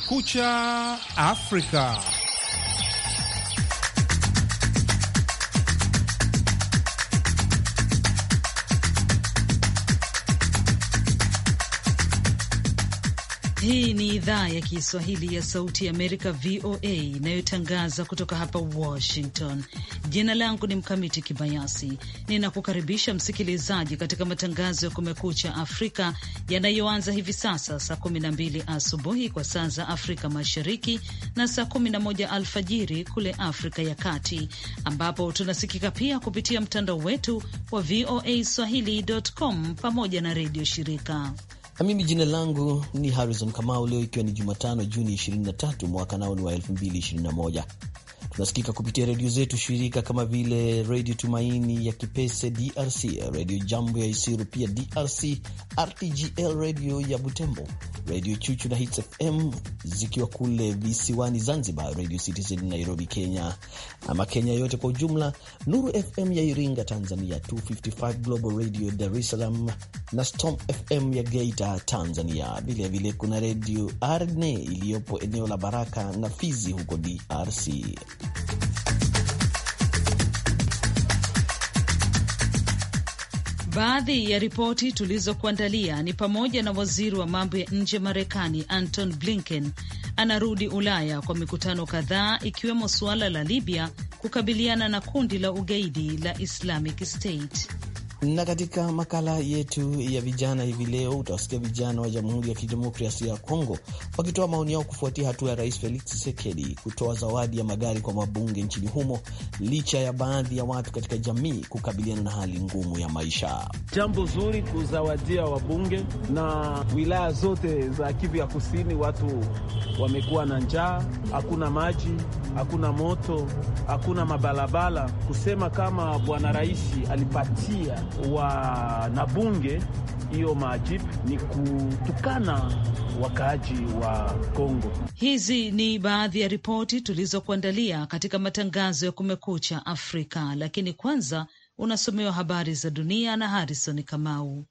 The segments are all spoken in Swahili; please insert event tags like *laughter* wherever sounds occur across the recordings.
Kumekucha Afrika. Hii ni idhaa ya Kiswahili ya Sauti ya Amerika, VOA, inayotangaza kutoka hapa Washington. Jina langu ni Mkamiti Kibayasi, ninakukaribisha msikilizaji katika matangazo ya Kumekucha Afrika yanayoanza hivi sasa saa 12 asubuhi kwa saa za Afrika Mashariki na saa 11 alfajiri kule Afrika ya Kati, ambapo tunasikika pia kupitia mtandao wetu wa voa swahili.com pamoja na redio shirika na mimi jina langu ni Harrison Kamau. Leo ikiwa ni Jumatano, Juni 23 mwaka nao ni wa 2021 Tunasikika kupitia redio zetu shirika kama vile Redio Tumaini ya Kipese DRC, Redio Jambo ya Isiru pia DRC, RTGL redio ya Butembo, Redio Chuchu na Hits FM zikiwa kule visiwani Zanzibar, Redio Citizen Nairobi Kenya ama Kenya yote kwa ujumla, Nuru FM ya Iringa Tanzania, 255 Global Radio Dar es Salaam na Storm FM ya Geita Tanzania. Vilevile kuna Redio Arne iliyopo eneo la Baraka na Fizi huko DRC. Baadhi ya ripoti tulizokuandalia ni pamoja na waziri wa mambo ya nje Marekani Anton Blinken anarudi Ulaya kwa mikutano kadhaa ikiwemo suala la Libya kukabiliana na kundi la ugaidi la Islamic State. Na katika makala yetu ya vijana hivi leo utawasikia vijana wa Jamhuri ya Kidemokrasia ya Kongo wakitoa maoni yao kufuatia hatua ya Rais Felix Tshisekedi kutoa zawadi ya magari kwa wabunge nchini humo licha ya baadhi ya watu katika jamii kukabiliana na hali ngumu ya maisha. Jambo zuri kuzawadia wabunge, na wilaya zote za Kivu ya Kusini watu wamekuwa na njaa, hakuna maji, hakuna moto, hakuna mabalabala. Kusema kama bwana rais alipatia bunge hiyo majibu ni kutukana wakaaji wa Kongo. Hizi ni baadhi ya ripoti tulizokuandalia katika matangazo ya Kumekucha Afrika, lakini kwanza unasomewa habari za dunia na Harrison Kamau.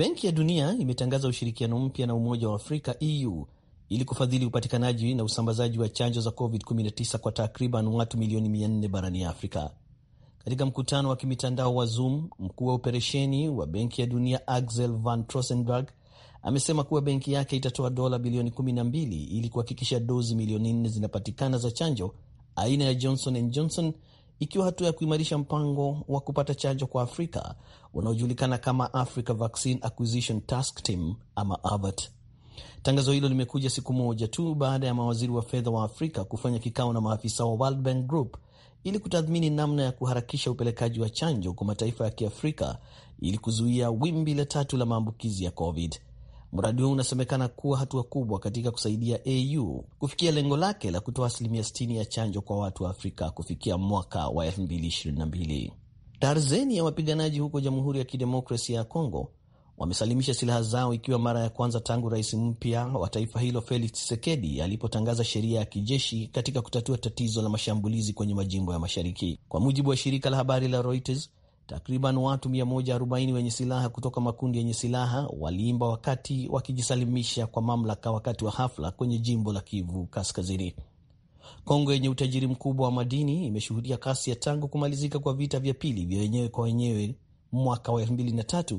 Benki ya Dunia imetangaza ushirikiano mpya na Umoja wa Afrika EU ili kufadhili upatikanaji na usambazaji wa chanjo za COVID-19 kwa takriban watu milioni 400 barani Afrika. Katika mkutano wa kimitandao wa Zoom, mkuu wa operesheni wa Benki ya Dunia Axel van Trossenberg amesema kuwa benki yake itatoa dola bilioni 12 ili kuhakikisha dozi milioni 4 zinapatikana za chanjo aina ya Johnson and Johnson ikiwa hatua ya kuimarisha mpango wa kupata chanjo kwa Afrika unaojulikana kama Africa Vaccine Acquisition Task Team ama AVAT. Tangazo hilo limekuja siku moja tu baada ya mawaziri wa fedha wa Afrika kufanya kikao na maafisa wa World Bank Group ili kutathmini namna ya kuharakisha upelekaji wa chanjo kwa mataifa ya Kiafrika ili kuzuia wimbi la tatu la maambukizi ya COVID. Mradi huo unasemekana kuwa hatua kubwa katika kusaidia AU kufikia lengo lake la kutoa asilimia 60 ya chanjo kwa watu wa Afrika kufikia mwaka wa 2022. Darzeni ya wapiganaji huko Jamhuri ya Kidemokrasia ya Kongo wamesalimisha silaha zao ikiwa mara ya kwanza tangu rais mpya wa taifa hilo Felix Tshisekedi alipotangaza sheria ya kijeshi katika kutatua tatizo la mashambulizi kwenye majimbo ya mashariki. Kwa mujibu wa shirika la habari la Reuters, Takriban watu 140 wenye silaha kutoka makundi yenye silaha waliimba wakati wakijisalimisha kwa mamlaka wakati wa hafla kwenye jimbo la Kivu Kaskazini. Kongo yenye utajiri mkubwa wa madini imeshuhudia kasi ya tangu kumalizika kwa vita vya pili vya wenyewe kwa wenyewe mwaka wa 2003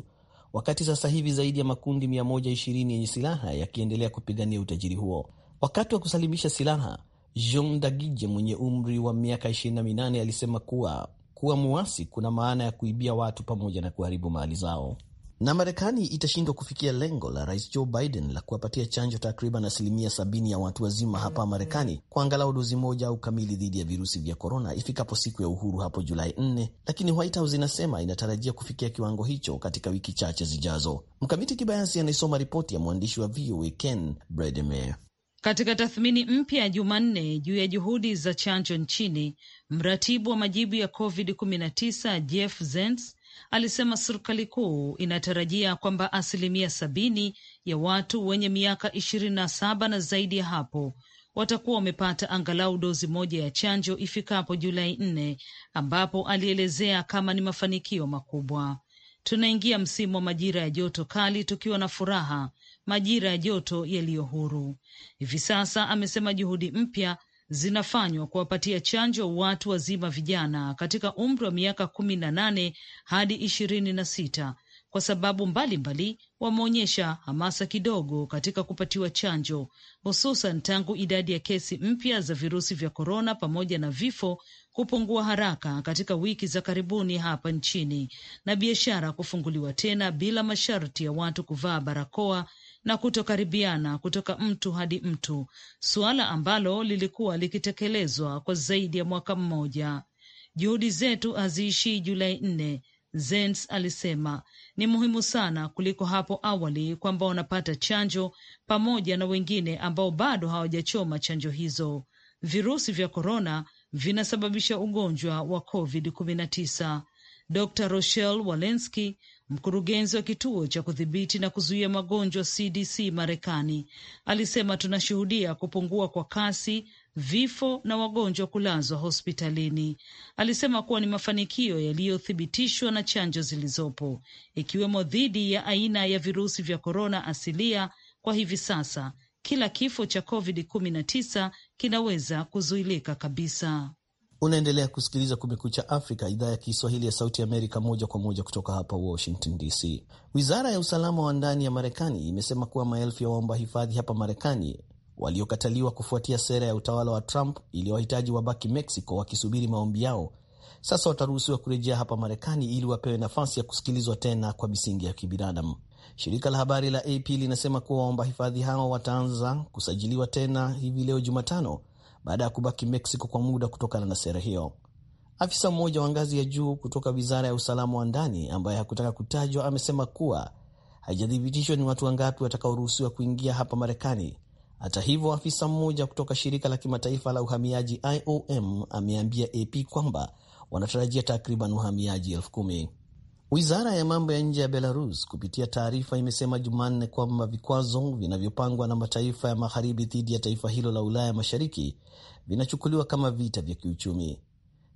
wakati sasa hivi zaidi ya makundi 120 yenye silaha yakiendelea kupigania utajiri huo. Wakati wa kusalimisha silaha, Jean Dagije mwenye umri wa miaka 28 alisema kuwa kuwa muasi kuna maana ya kuibia watu pamoja na kuharibu mali zao. Na Marekani itashindwa kufikia lengo la Rais Joe Biden la kuwapatia chanjo takriban asilimia sabini ya watu wazima hapa Marekani kwa angalau dozi moja au kamili dhidi ya virusi vya korona ifikapo siku ya uhuru hapo Julai 4, lakini White House inasema inatarajia kufikia kiwango hicho katika wiki chache zijazo. Mkamiti Kibayasi anayesoma ripoti ya mwandishi wa VOA Ken Bredemere. Katika tathmini mpya ya Jumanne juu ya juhudi za chanjo nchini, mratibu wa majibu ya COVID-19 Jeff Zens alisema serikali kuu inatarajia kwamba asilimia sabini ya watu wenye miaka ishirini na saba na zaidi ya hapo watakuwa wamepata angalau dozi moja ya chanjo ifikapo Julai nne, ambapo alielezea kama ni mafanikio makubwa. Tunaingia msimu wa majira ya joto kali tukiwa na furaha majira ya joto yaliyo huru. Hivi sasa amesema juhudi mpya zinafanywa kuwapatia chanjo watu wazima vijana katika umri wa miaka kumi na nane hadi ishirini na sita kwa sababu mbalimbali wameonyesha hamasa kidogo katika kupatiwa chanjo, hususan tangu idadi ya kesi mpya za virusi vya korona pamoja na vifo kupungua haraka katika wiki za karibuni hapa nchini na biashara kufunguliwa tena bila masharti ya watu kuvaa barakoa na kutokaribiana kutoka mtu hadi mtu, suala ambalo lilikuwa likitekelezwa kwa zaidi ya mwaka mmoja. Juhudi zetu haziishii Julai nne, Zens alisema. Ni muhimu sana kuliko hapo awali kwamba wanapata chanjo pamoja na wengine ambao bado hawajachoma chanjo hizo. Virusi vya korona vinasababisha ugonjwa wa COVID-19. Dr Rochelle Walensky, mkurugenzi wa kituo cha kudhibiti na kuzuia magonjwa CDC Marekani, alisema tunashuhudia kupungua kwa kasi vifo na wagonjwa kulazwa hospitalini. Alisema kuwa ni mafanikio yaliyothibitishwa na chanjo zilizopo, ikiwemo dhidi ya aina ya virusi vya korona asilia. Kwa hivi sasa kila kifo cha COVID-19 kinaweza kuzuilika kabisa. Unaendelea kusikiliza Kumekucha Afrika, idhaa ya Kiswahili ya Sauti Amerika, moja kwa moja kutoka hapa Washington DC. Wizara ya usalama wa ndani ya Marekani imesema kuwa maelfu ya waomba hifadhi hapa Marekani waliokataliwa kufuatia sera ya utawala wa Trump iliyowahitaji wabaki Mexico wakisubiri maombi yao sasa wataruhusiwa kurejea hapa Marekani ili wapewe nafasi ya kusikilizwa tena kwa misingi ya kibinadamu. Shirika la habari la AP linasema kuwa waomba hifadhi hao wataanza kusajiliwa tena hivi leo Jumatano, baada ya kubaki Mexico kwa muda kutokana na sera hiyo. Afisa mmoja wa ngazi ya juu kutoka wizara ya usalama wa ndani ambaye hakutaka kutajwa amesema kuwa haijathibitishwa ni watu wangapi watakaoruhusiwa kuingia hapa Marekani. Hata hivyo, afisa mmoja kutoka shirika la kimataifa la uhamiaji IOM ameambia AP kwamba wanatarajia takriban uhamiaji elfu kumi. Wizara ya mambo ya nje ya Belarus kupitia taarifa imesema Jumanne kwamba vikwazo vinavyopangwa na mataifa ya magharibi dhidi ya taifa hilo la Ulaya Mashariki vinachukuliwa kama vita vya kiuchumi.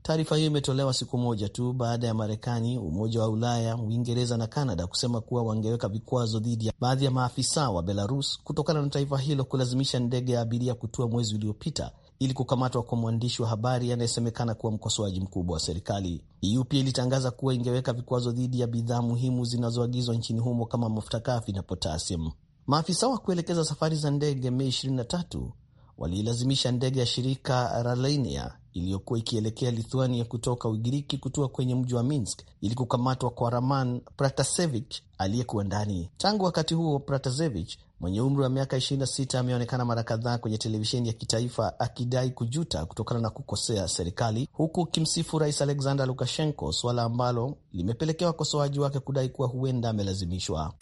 Taarifa hiyo imetolewa siku moja tu baada ya Marekani, Umoja wa Ulaya, Uingereza na Kanada kusema kuwa wangeweka vikwazo dhidi ya baadhi ya maafisa wa Belarus kutokana na taifa hilo kulazimisha ndege ya abiria kutua mwezi uliopita ili kukamatwa kwa mwandishi wa habari anayesemekana kuwa mkosoaji mkubwa wa serikali. EU pia ilitangaza kuwa ingeweka vikwazo dhidi ya bidhaa muhimu zinazoagizwa nchini humo kama mafuta kafi na potasium. Maafisa wa kuelekeza safari za ndege Mei 23 waliilazimisha ndege ya shirika Ralenia iliyokuwa ikielekea Lithuania kutoka Ugiriki kutua kwenye mji wa Minsk ili kukamatwa kwa Raman Pratasevich aliyekuwa ndani. Tangu wakati huo, Pratasevich mwenye umri wa miaka 26 ameonekana mara kadhaa kwenye televisheni ya kitaifa akidai kujuta kutokana na kukosea serikali huku kimsifu Rais Alexander Lukashenko, suala ambalo limepelekea wakosoaji wake kudai kuwa huenda amelazimishwa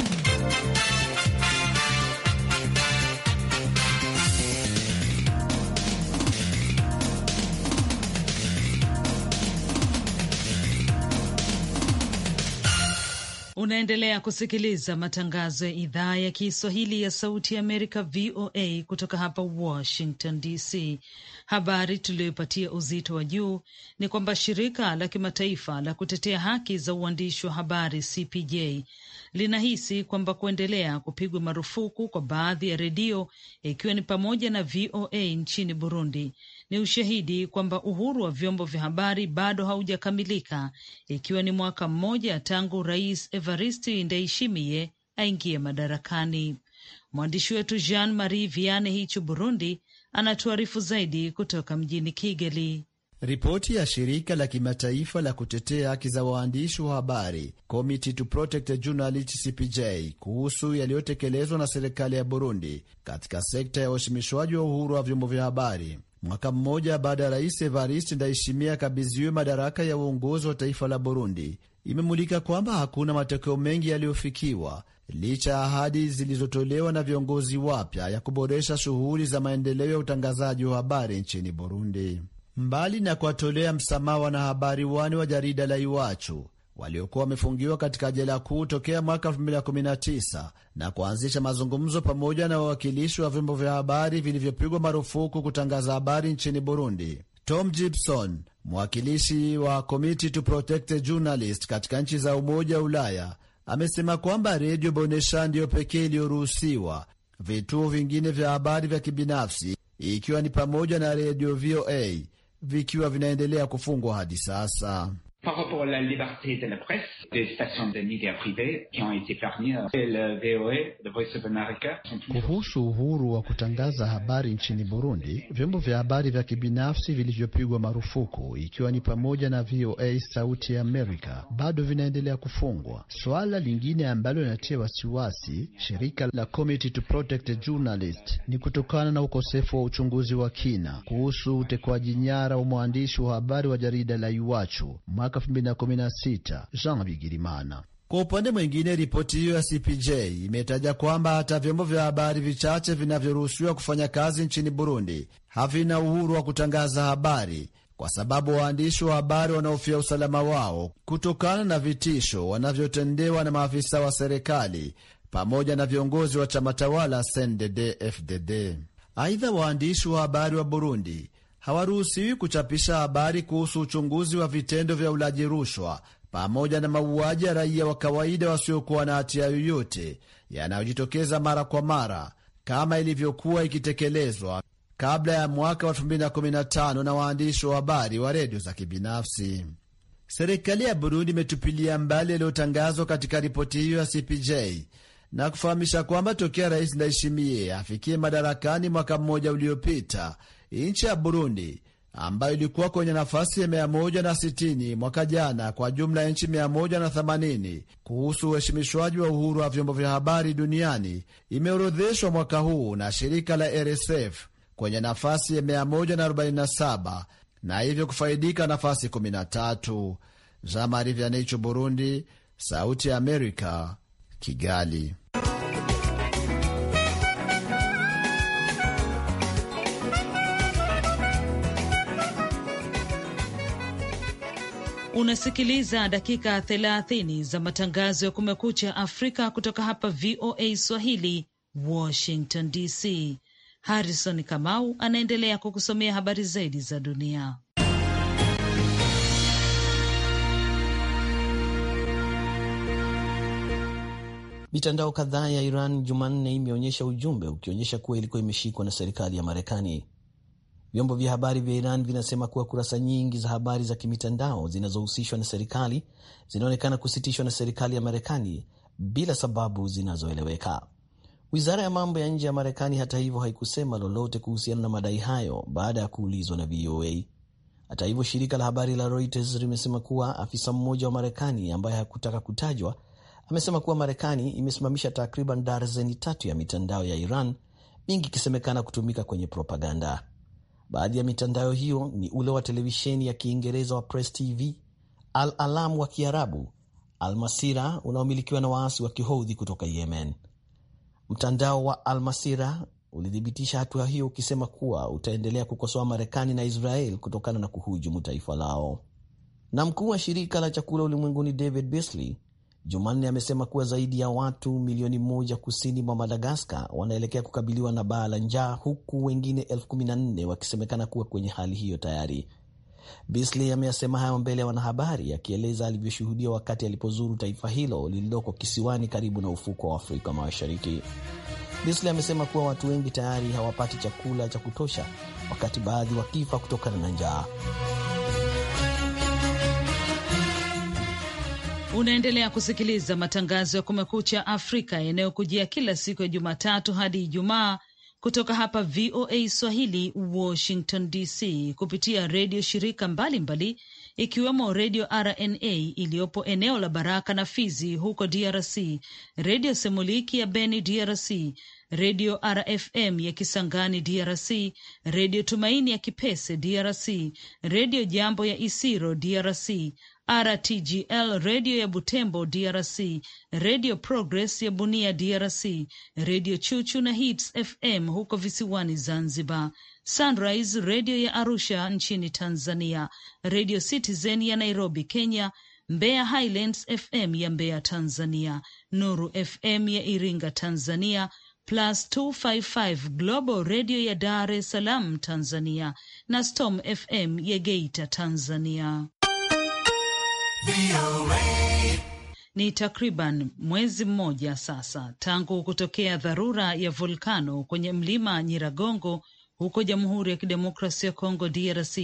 Unaendelea kusikiliza matangazo ya idhaa ya Kiswahili ya Sauti ya Amerika, VOA, kutoka hapa Washington DC. Habari tuliyoipatia uzito wa juu ni kwamba shirika la kimataifa la kutetea haki za uandishi wa habari CPJ linahisi kwamba kuendelea kupigwa marufuku kwa baadhi ya redio ikiwa ni pamoja na VOA nchini Burundi ni ushahidi kwamba uhuru wa vyombo vya habari bado haujakamilika, ikiwa ni mwaka mmoja tangu Rais evaristi Ndayishimiye aingie madarakani. Mwandishi wetu Jean Marie Viane hicho Burundi anatuarifu zaidi kutoka mjini Kigali. Ripoti ya shirika la kimataifa la kutetea haki za waandishi wa habari Committee to Protect Journalists CPJ kuhusu yaliyotekelezwa na serikali ya Burundi katika sekta ya uheshimishwaji wa uhuru wa vyombo vya habari mwaka mmoja baada ya Rais Evariste Ndayishimiye akabidhiwe madaraka ya uongozi wa taifa la Burundi imemulika kwamba hakuna matokeo mengi yaliyofikiwa licha ya ahadi zilizotolewa na viongozi wapya ya kuboresha shughuli za maendeleo ya utangazaji wa habari nchini Burundi. Mbali na kuwatolea msamaha wanahabari wane wa jarida la Iwachu waliokuwa wamefungiwa katika jela kuu tokea mwaka 2019 na kuanzisha mazungumzo pamoja na wawakilishi wa vyombo vya habari vilivyopigwa marufuku kutangaza habari nchini Burundi, Tom Gibson Mwakilishi wa Committee to Protect Journalists katika nchi za Umoja wa Ulaya amesema kwamba redio Bonesha ndiyo pekee iliyoruhusiwa, vituo vingine vya habari vya kibinafsi ikiwa ni pamoja na redio VOA vikiwa vinaendelea kufungwa hadi sasa. Par rapport à la liberté de la presse, des stations de médias privées qui ont été fermées, euh, le VOA, le Voice of America, Kuhusu uhuru wa kutangaza habari nchini Burundi, vyombo vya habari vya kibinafsi vilivyopigwa marufuku ikiwa ni pamoja na VOA, Sauti ya Amerika, bado vinaendelea kufungwa. Swala lingine ambalo linatia wasiwasi shirika la Committee to Protect the Journalist ni kutokana na ukosefu wa uchunguzi wa kina kuhusu utekwaji nyara wa mwandishi wa habari wa jarida la Iwachu mwaka 2016. Jean Bigirimana. Kwa upande mwingine, ripoti hiyo ya CPJ imetaja kwamba hata vyombo vya habari vichache vinavyoruhusiwa kufanya kazi nchini Burundi havina uhuru wa kutangaza habari kwa sababu waandishi wa habari wanaofia usalama wao kutokana na vitisho wanavyotendewa na maafisa wa serikali pamoja na viongozi wa chama tawala CNDD-FDD. Aidha, waandishi wa habari wa Burundi hawaruhusiwi kuchapisha habari kuhusu uchunguzi wa vitendo vya ulaji rushwa pamoja na mauaji ya raia wa kawaida wasiokuwa na hatia yoyote yanayojitokeza mara kwa mara kama ilivyokuwa ikitekelezwa kabla ya mwaka wa 2015 na waandishi wa habari wa redio za kibinafsi. Serikali ya Burundi imetupilia mbali yaliyotangazwa katika ripoti hiyo ya CPJ na kufahamisha kwamba tokea Rais Ndayishimiye afikie madarakani mwaka mmoja uliopita Nchi ya Burundi ambayo ilikuwa kwenye nafasi ya 160 mwaka jana kwa jumla ya nchi 180 kuhusu uheshimishwaji wa uhuru wa vyombo vya habari duniani imeorodheshwa mwaka huu na shirika la RSF kwenye nafasi ya 147 na hivyo kufaidika nafasi 13. Jean Marie Vianney, Burundi, Sauti ya Amerika, Kigali. Unasikiliza dakika 30 za matangazo ya Kumekucha Afrika kutoka hapa VOA Swahili, Washington DC. Harrison Kamau anaendelea kukusomea habari zaidi za dunia. Mitandao kadhaa ya Iran Jumanne imeonyesha ujumbe ukionyesha kuwa ilikuwa imeshikwa na serikali ya Marekani. Vyombo vya habari vya Iran vinasema kuwa kurasa nyingi za habari za kimitandao zinazohusishwa na serikali zinaonekana kusitishwa na serikali ya Marekani bila sababu zinazoeleweka. Wizara ya mambo ya nje ya Marekani hata hivyo haikusema lolote kuhusiana na madai hayo baada ya kuulizwa na VOA. Hata hivyo, shirika la habari la Reuters limesema kuwa afisa mmoja wa Marekani ambaye hakutaka kutajwa amesema kuwa Marekani imesimamisha takriban darzeni tatu ya mitandao ya Iran, mingi ikisemekana kutumika kwenye propaganda. Baadhi ya mitandao hiyo ni ule wa televisheni ya Kiingereza wa Press TV, Al Alam wa Kiarabu, Al Masira unaomilikiwa na waasi wa Kihoudhi kutoka Yemen. Mtandao wa Al Masira ulithibitisha hatua hiyo ukisema kuwa utaendelea kukosoa Marekani na Israel kutokana na kuhujumu taifa lao. Na mkuu wa shirika la chakula ulimwenguni David Beasley Jumanne amesema kuwa zaidi ya watu milioni moja kusini mwa Madagaskar wanaelekea kukabiliwa na baa la njaa huku wengine elfu kumi na nne wakisemekana kuwa kwenye hali hiyo tayari. Bisley ameyasema hayo mbele ya wanahabari akieleza alivyoshuhudia wakati alipozuru taifa hilo lililoko kisiwani karibu na ufuko wa Afrika Mashariki. Bisley amesema kuwa watu wengi tayari hawapati chakula cha kutosha, wakati baadhi wakifa kutokana na njaa. Unaendelea kusikiliza matangazo ya Kumekucha Afrika yanayokujia kila siku ya Jumatatu hadi Ijumaa kutoka hapa VOA Swahili, Washington DC, kupitia redio shirika mbalimbali mbali, ikiwemo redio RNA iliyopo eneo la Baraka na Fizi huko DRC, redio Semuliki ya Beni DRC, redio RFM ya Kisangani DRC, redio Tumaini ya Kipese DRC, redio Jambo ya Isiro DRC, RTGL redio ya Butembo DRC, redio Progress ya Bunia DRC, redio Chuchu na Hits FM huko visiwani Zanzibar, Sunrise redio ya Arusha nchini Tanzania, redio Citizen ya Nairobi Kenya, Mbeya Highlands FM ya Mbeya Tanzania, Nuru FM ya Iringa Tanzania, Plus 255 Global redio ya Dar es Salaam Tanzania na Storm FM ya Geita Tanzania. Ni takriban mwezi mmoja sasa tangu kutokea dharura ya volkano kwenye mlima Nyiragongo huko Jamhuri ya Kidemokrasia ya Kongo DRC,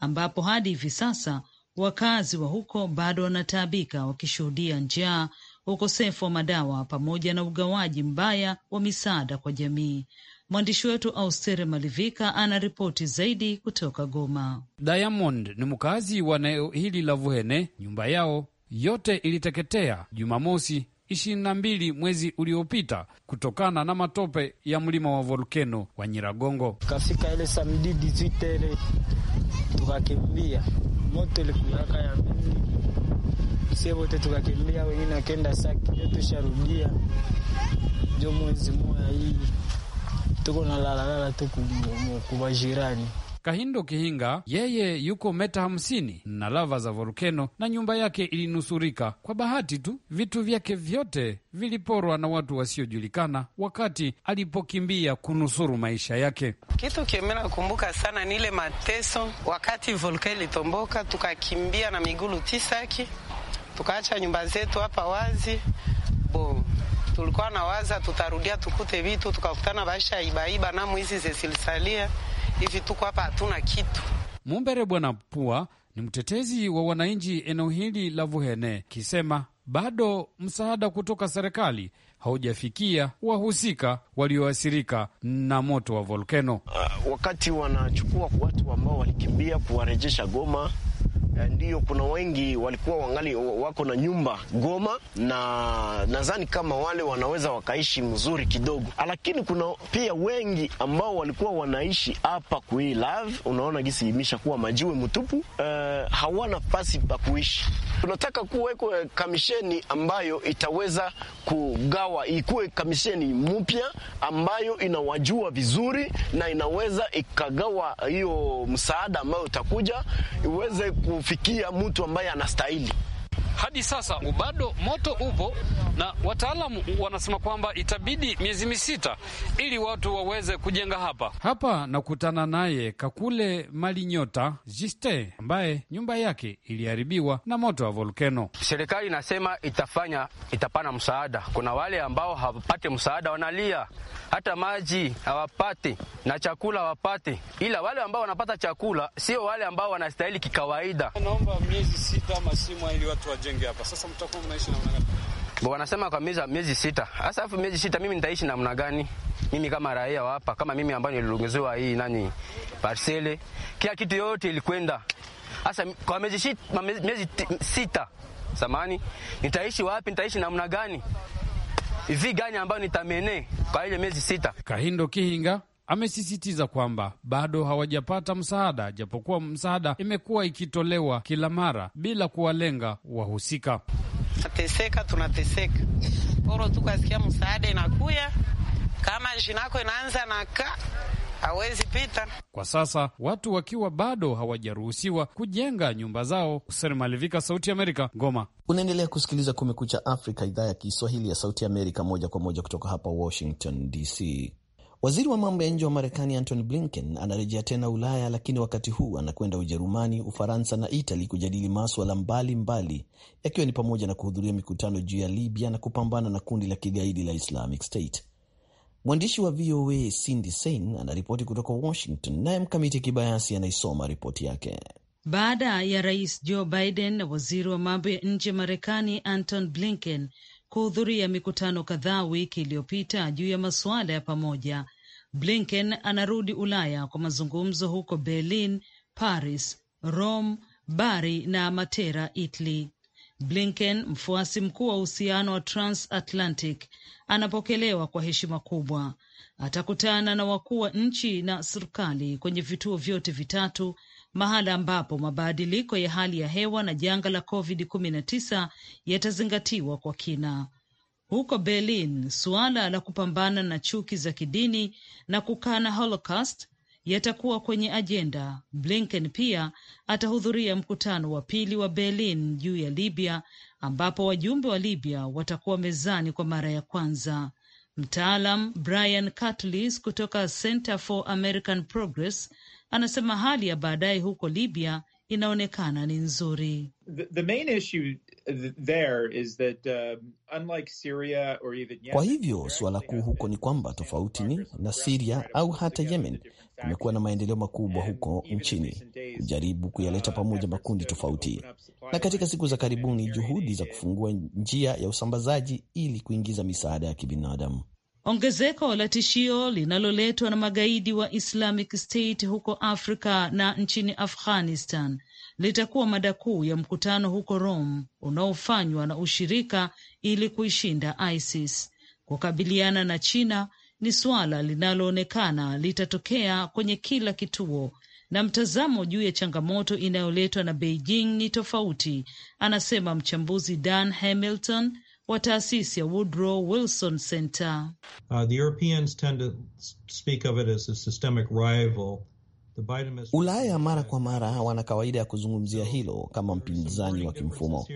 ambapo hadi hivi sasa wakazi wa huko bado wanataabika wakishuhudia njaa, ukosefu wa madawa pamoja na ugawaji mbaya wa misaada kwa jamii. Mwandishi wetu Austere Malivika ana ripoti zaidi kutoka Goma. Diamond ni mkazi wa eneo hili la Vuhene. Nyumba yao yote iliteketea Jumamosi ishirini na mbili mwezi uliopita kutokana na matope ya mlima wa volkeno wa Nyiragongo. Kafika ile samdidi zitere, tukakimbia moto ilikuyaka ya mingi sie wote tukakimbia, wengine akenda saki yotusharudia jo mwezi moya hii tuko na lalalala tu kwa jirani. Kahindo Kihinga yeye yuko meta hamsini na lava za volkeno na nyumba yake ilinusurika kwa bahati tu. Vitu vyake vyote viliporwa na watu wasiojulikana wakati alipokimbia kunusuru maisha yake. Kitu kime kumbuka sana ni ile mateso wakati volkeno ilitomboka, tukakimbia na migulu tisaki, tukaacha nyumba zetu hapa wazi bo tulikuwa nawaza tutarudia tukute vitu, tukakutana baisha ibaiba namu hizi zesilisalia hivi, tuko hapa hatuna kitu. Mumbere Bwana Pua ni mtetezi wa wananchi eneo hili la Vuhene kisema bado msaada kutoka serikali haujafikia wahusika walioathirika na moto wa volkeno. Uh, ah, wakati wanachukua watu ambao walikimbia kuwarejesha Goma Eh, ndio kuna wengi walikuwa wangali wako na nyumba Goma, na nadhani kama wale wanaweza wakaishi mzuri kidogo, lakini kuna pia wengi ambao walikuwa wanaishi hapa kuii live, unaona gisi imesha kuwa majiwe mtupu, uh, hawana fasi pa kuishi tunataka kuwekwe kamisheni ambayo itaweza kugawa, ikuwe kamisheni mpya ambayo inawajua vizuri na inaweza ikagawa hiyo msaada ambayo utakuja iweze kufikia mtu ambaye anastahili hadi sasa bado moto upo, na wataalamu wanasema kwamba itabidi miezi misita ili watu waweze kujenga hapa hapa. Nakutana naye Kakule Malinyota Jiste ambaye nyumba yake iliharibiwa na moto wa volkeno. Serikali inasema itafanya itapana msaada. Kuna wale ambao hawapate msaada, wanalia hata maji hawapati na chakula hawapati, ila wale ambao wanapata chakula sio wale ambao wanastahili kikawaida. Naomba miezi sita ili watu waje mjenge hapa, sasa mtakuwa mnaishi namna gani? Wanasema kwa miezi miezi sita. Sasa afu miezi sita mimi nitaishi namna gani? Mimi kama raia wa hapa, kama mimi ambaye nilongezewa hii nani parcele, kila kitu yote ilikwenda. Sasa kwa miezi sita, miezi sita. Samani, nitaishi wapi? Nitaishi namna gani? Hivi gani ambayo nitamene kwa ile miezi sita? Kahindo Kihinga amesisitiza kwamba bado hawajapata msaada, japokuwa msaada imekuwa ikitolewa kila mara bila kuwalenga wahusika. Tunateseka, tunateseka poro tu kasikia msaada inakuya, kama jinako inaanza na ka hawezi pita. Kwa sasa watu wakiwa bado hawajaruhusiwa kujenga nyumba zao. Hussein Malivika, Sauti Amerika, Goma. Unaendelea kusikiliza Kumekucha Afrika, idhaa ya Kiswahili ya Sauti Amerika, moja kwa moja kutoka hapa Washington DC. Waziri wa mambo ya nje wa Marekani Antony Blinken anarejea tena Ulaya, lakini wakati huu anakwenda Ujerumani, Ufaransa na Itali kujadili maswala mbalimbali, yakiwa ni pamoja na kuhudhuria mikutano juu ya Libya na kupambana na kundi la kigaidi la Islamic State. Mwandishi wa VOA Cindy Sein anaripoti kutoka Washington, naye Mkamiti Kibayasi anaisoma ripoti yake. Baada ya rais Joe Biden na waziri wa mambo ya nje Marekani Anton Blinken kuhudhuria mikutano kadhaa wiki iliyopita juu ya masuala ya pamoja. Blinken anarudi Ulaya kwa mazungumzo huko Berlin, Paris, Rome, Bari na Matera, Italy. Blinken, mfuasi mkuu wa uhusiano wa transatlantic, anapokelewa kwa heshima kubwa. Atakutana na wakuu wa nchi na serikali kwenye vituo vyote vitatu mahala ambapo mabadiliko ya hali ya hewa na janga la COVID-19 yatazingatiwa kwa kina. Huko Berlin, suala la kupambana na chuki za kidini na kukana Holocaust yatakuwa kwenye ajenda. Blinken pia atahudhuria mkutano wa pili wa Berlin juu ya Libya, ambapo wajumbe wa Libya watakuwa mezani kwa mara ya kwanza. Mtaalam Brian Cutlass kutoka Center for American Progress anasema hali ya baadaye huko Libya inaonekana ni nzuri. Um, Kwa hivyo suala kuu huko ni kwamba tofauti ni na Siria au hata Yemen, kumekuwa na maendeleo makubwa huko nchini kujaribu kuyaleta uh, pamoja makundi tofauti, na katika siku za karibuni juhudi za kufungua njia ya usambazaji ili kuingiza misaada ya kibinadamu. Ongezeko la tishio linaloletwa na magaidi wa Islamic State huko Afrika na nchini Afghanistan litakuwa mada kuu ya mkutano huko Rome unaofanywa na ushirika ili kuishinda ISIS. Kukabiliana na China ni suala linaloonekana litatokea kwenye kila kituo, na mtazamo juu ya changamoto inayoletwa na Beijing ni tofauti, anasema mchambuzi Dan Hamilton wa taasisi ya Woodrow Wilson Center. Ulaya mara kwa mara wana kawaida ya kuzungumzia hilo kama mpinzani wa kimfumo.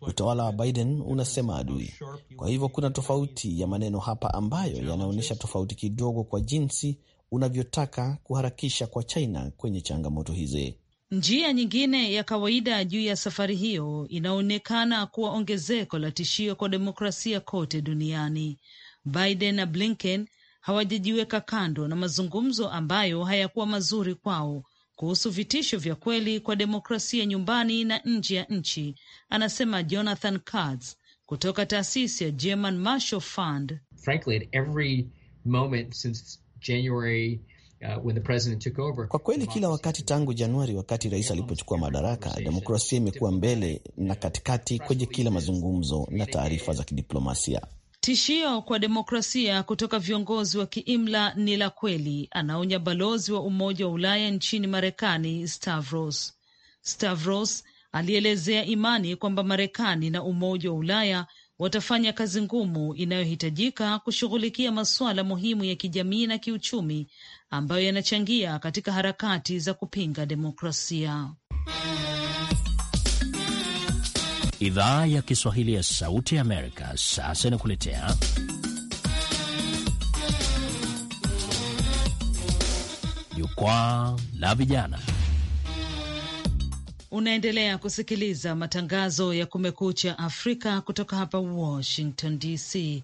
Utawala wa Biden unasema adui. Kwa hivyo kuna tofauti ya maneno hapa ambayo yanaonyesha tofauti kidogo kwa jinsi unavyotaka kuharakisha kwa China kwenye changamoto hizi. Njia nyingine ya kawaida juu ya safari hiyo inaonekana kuwa ongezeko la tishio kwa demokrasia kote duniani. Biden na Blinken hawajajiweka kando na mazungumzo ambayo hayakuwa mazuri kwao kuhusu vitisho vya kweli kwa demokrasia nyumbani na nje ya nchi, anasema Jonathan Katz kutoka taasisi ya German Marshall Fund. Frankly, at every moment since January Uh, kwa kweli kila wakati tangu Januari wakati rais alipochukua madaraka, demokrasia imekuwa mbele na katikati kwenye kila mazungumzo na taarifa za kidiplomasia. Tishio kwa demokrasia kutoka viongozi wa kiimla ni la kweli, anaonya balozi wa Umoja wa Ulaya nchini Marekani Stavros. Stavros alielezea imani kwamba Marekani na Umoja wa Ulaya watafanya kazi ngumu inayohitajika kushughulikia masuala muhimu ya kijamii na kiuchumi ambayo yanachangia katika harakati za kupinga demokrasia. Idhaa ya Kiswahili ya Sauti ya Amerika sasa inakuletea Jukwaa la Vijana. Unaendelea kusikiliza matangazo ya Kumekucha Afrika kutoka hapa Washington DC,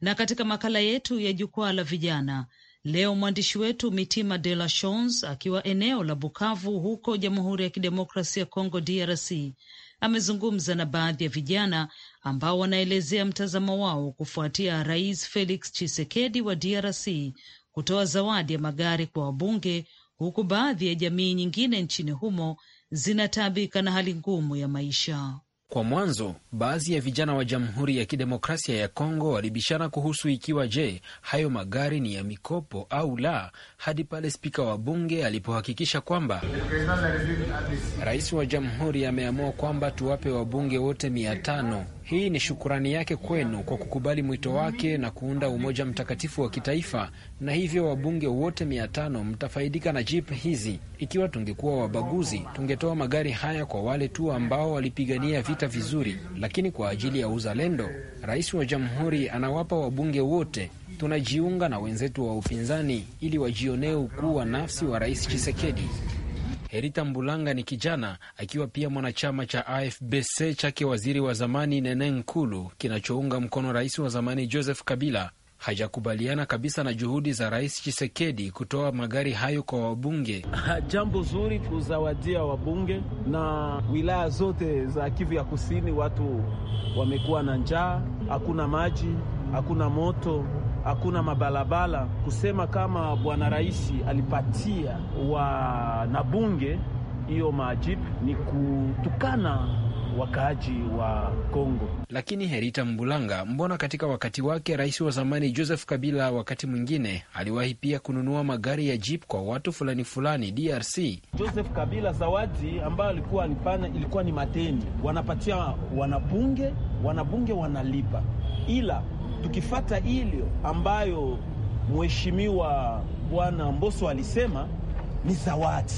na katika makala yetu ya Jukwaa la Vijana Leo mwandishi wetu Mitima De La shans akiwa eneo la Bukavu huko Jamhuri ya Kidemokrasia ya Kongo DRC amezungumza na baadhi ya vijana ambao wanaelezea mtazamo wao kufuatia Rais Felix Tshisekedi wa DRC kutoa zawadi ya magari kwa wabunge, huku baadhi ya jamii nyingine nchini humo zinataabika na hali ngumu ya maisha. Kwa mwanzo, baadhi ya vijana wa Jamhuri ya Kidemokrasia ya Kongo walibishana kuhusu ikiwa je, hayo magari ni ya mikopo au la, hadi pale spika wa bunge alipohakikisha kwamba rais wa jamhuri ameamua kwamba tuwape wabunge wote mia tano hii ni shukurani yake kwenu kwa kukubali mwito wake na kuunda umoja mtakatifu wa kitaifa, na hivyo wabunge wote mia tano mtafaidika na jip hizi. Ikiwa tungekuwa wabaguzi, tungetoa magari haya kwa wale tu ambao walipigania vita vizuri, lakini kwa ajili ya uzalendo, rais wa jamhuri anawapa wabunge wote. Tunajiunga na wenzetu wa upinzani ili wajionee ukuu wa nafsi wa rais Chisekedi. Herita Mbulanga ni kijana akiwa pia mwanachama cha AFBC chake waziri wa zamani Nene Nkulu kinachounga mkono rais wa zamani Joseph Kabila hajakubaliana kabisa na juhudi za rais Chisekedi kutoa magari hayo kwa wabunge. *laughs* Jambo zuri kuzawadia wabunge na wilaya zote za Kivu ya Kusini, watu wamekuwa na njaa, hakuna maji, hakuna moto hakuna mabalabala. Kusema kama bwana rais alipatia wanabunge hiyo majip ni kutukana wakaaji wa Kongo. Lakini Herita Mbulanga, mbona katika wakati wake rais wa zamani Joseph Kabila wakati mwingine aliwahi pia kununua magari ya jeep kwa watu fulani fulani DRC? Joseph Kabila zawadi ambayo alikuwa alipana ilikuwa ni mateni, wanapatia wanabunge, wanabunge wanalipa, ila tukifata ile ambayo mheshimiwa Bwana Mboso alisema ni zawadi,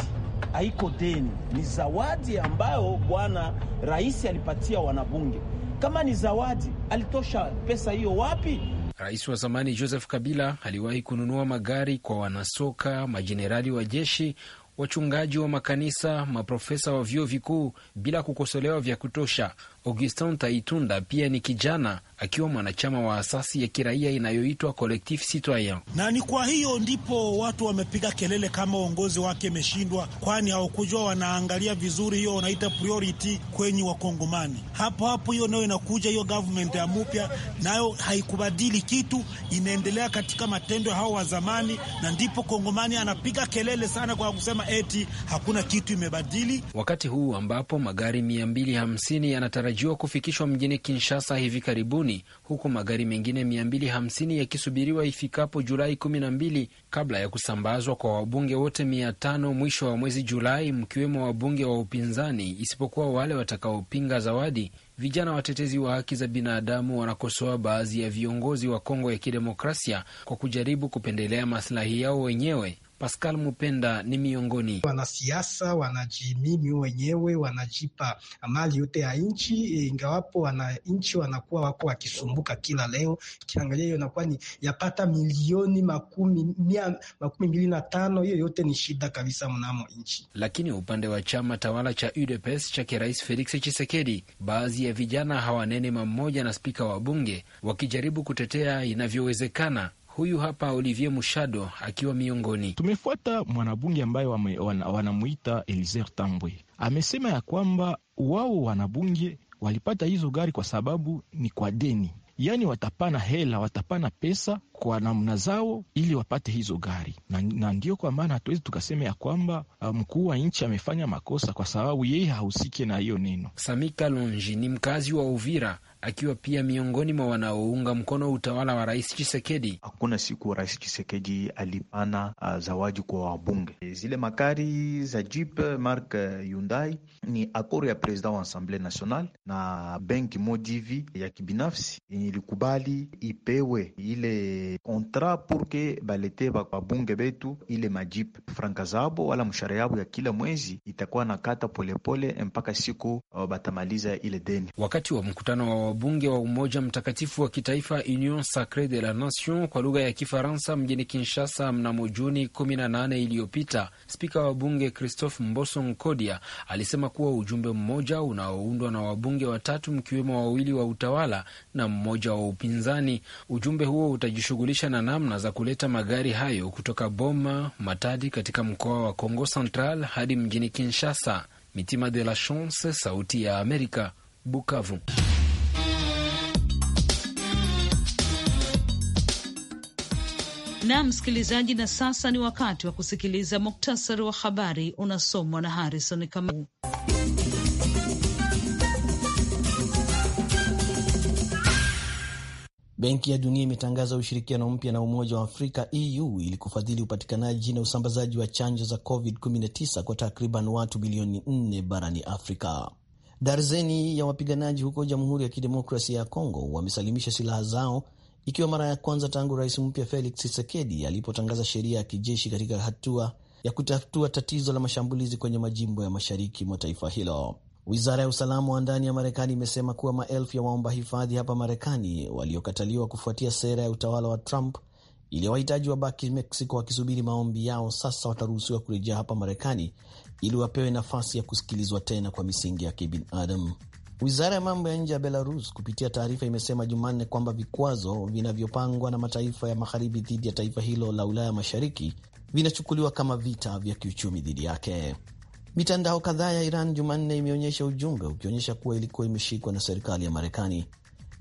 haiko deni, ni zawadi ambayo bwana rais alipatia wanabunge. Kama ni zawadi, alitosha pesa hiyo wapi? Rais wa zamani Joseph Kabila aliwahi kununua magari kwa wanasoka, majenerali wa jeshi, wachungaji wa makanisa, maprofesa wa vyuo vikuu bila kukosolewa vya kutosha, Augustin Taitunda pia ni kijana akiwa mwanachama wa asasi ya kiraia inayoitwa Collectif Citoyen, na ni kwa hiyo ndipo watu wamepiga kelele kama uongozi wake imeshindwa, kwani hawakujua wanaangalia vizuri, hiyo wanaita priority kwenye Wakongomani. Hapo hapo hiyo nayo inakuja hiyo government ya mupya, nayo haikubadili kitu, inaendelea katika matendo hao wa zamani, na ndipo Kongomani anapiga kelele sana kwa kusema eti hakuna kitu imebadili, wakati huu ambapo magari 250 yanatarajiwa yanatarajiwa kufikishwa mjini Kinshasa hivi karibuni, huku magari mengine 250 yakisubiriwa ifikapo Julai 12 kabla ya kusambazwa kwa wabunge wote 500 mwisho wa mwezi Julai, mkiwemo wabunge wa upinzani isipokuwa wale watakaopinga zawadi. Vijana watetezi wa haki za binadamu wanakosoa baadhi ya viongozi wa Kongo ya Kidemokrasia kwa kujaribu kupendelea masilahi yao wenyewe Pascal Mupenda ni miongoni wanasiasa wanajimimi wenyewe, wanajipa mali yote ya nchi, ingawapo wananchi wanakuwa wako wakisumbuka kila leo. Kiangalia hiyo inakuwa ni yapata milioni makumi, mia, makumi mbili na tano. Hiyo yote ni shida kabisa mnamo nchi. Lakini upande wa chama tawala cha UDPS cha kirais Felix chisekedi baadhi ya vijana hawanene mammoja na spika wa bunge wakijaribu kutetea inavyowezekana Huyu hapa Olivier Mushado akiwa miongoni. Tumefuata mwanabunge ambaye wanamuita wana Elizer Tambwe, amesema ya kwamba wao wanabunge walipata hizo gari kwa sababu ni kwa deni, yaani watapana hela, watapana pesa kwa namna zao ili wapate hizo gari na, na ndio kwa maana hatuwezi tukasema ya kwamba uh, mkuu wa nchi amefanya makosa kwa sababu yeye hahusike na hiyo neno. Sami Kalonji ni mkazi wa Uvira akiwa pia miongoni mwa wanaounga mkono utawala wa Rais Chisekedi. Hakuna siku Rais Chisekedi alipana uh, zawadi kwa wabunge. E, zile makari za Jeep uh, Mark uh, Hyundai ni akoro ya president wa Assemble National na benki modivi ya kibinafsi yenye ilikubali ipewe ile kontra purke balete wabunge betu ile majip franka zabo wala mshahara yabo ya kila mwezi itakuwa na kata polepole mpaka siku uh, batamaliza ile deni. Wakati wa mkutano wabunge wa Umoja Mtakatifu wa Kitaifa, Union Sacre de la Nation, kwa lugha ya Kifaransa mjini Kinshasa mnamo Juni 18 iliyopita, spika wa bunge Christophe Mboso Nkodia alisema kuwa ujumbe mmoja unaoundwa na wabunge watatu, mkiwemo wawili wa utawala na mmoja wa upinzani, ujumbe huo utajishughulisha na namna za kuleta magari hayo kutoka Boma, Matadi katika mkoa wa Kongo Central hadi mjini Kinshasa. Mitima de la Chance, Sauti ya Amerika, Bukavu. na msikilizaji. Na sasa ni wakati wa kusikiliza muktasari wa habari unasomwa na Harrison Kamau. Benki ya Dunia imetangaza ushirikiano mpya na Umoja wa Afrika EU ili kufadhili upatikanaji na usambazaji wa chanjo za COVID-19 kwa takriban watu bilioni 4 barani Afrika. Darzeni ya wapiganaji huko Jamhuri ya Kidemokrasia ya Kongo wamesalimisha silaha zao ikiwa mara ya kwanza tangu rais mpya Felix Tshisekedi alipotangaza sheria ya kijeshi katika hatua ya kutatua tatizo la mashambulizi kwenye majimbo ya mashariki mwa taifa hilo. Wizara ya usalama wa ndani ya Marekani imesema kuwa maelfu ya waomba hifadhi hapa Marekani waliokataliwa kufuatia sera ya utawala wa Trump iliyowahitaji wabaki Mexico wakisubiri maombi yao, sasa wataruhusiwa kurejea hapa Marekani ili wapewe nafasi ya kusikilizwa tena kwa misingi ya kibinadamu. Wizara ya mambo ya nje ya Belarus kupitia taarifa imesema Jumanne kwamba vikwazo vinavyopangwa na mataifa ya magharibi dhidi ya taifa hilo la Ulaya Mashariki vinachukuliwa kama vita vya kiuchumi dhidi yake. Mitandao kadhaa ya Iran Jumanne imeonyesha ujumbe ukionyesha kuwa ilikuwa imeshikwa na serikali ya Marekani.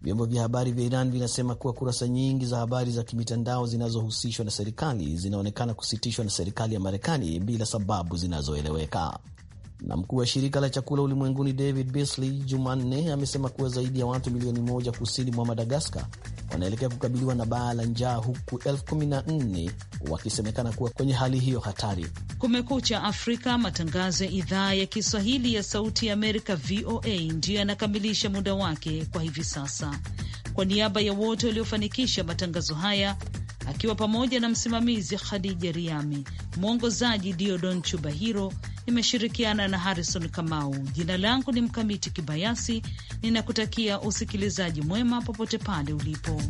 Vyombo vya habari vya Iran vinasema kuwa kurasa nyingi za habari za kimitandao zinazohusishwa na serikali zinaonekana kusitishwa na serikali ya Marekani bila sababu zinazoeleweka. Na mkuu wa shirika la chakula ulimwenguni David Beasley Jumanne amesema kuwa zaidi ya watu milioni moja kusini mwa Madagaskar wanaelekea kukabiliwa na baa la njaa huku elfu kumi na nne wakisemekana kuwa kwenye hali hiyo hatari. Kumekucha Afrika, matangazo ya idhaa ya Kiswahili ya Sauti ya Amerika, VOA, ndiyo yanakamilisha muda wake kwa hivi sasa. Kwa niaba ya wote waliofanikisha matangazo haya akiwa pamoja na msimamizi Khadija Riami, mwongozaji Diodon Chubahiro nimeshirikiana na Harrison Kamau. Jina langu ni Mkamiti Kibayasi, ninakutakia usikilizaji mwema popote pale ulipo.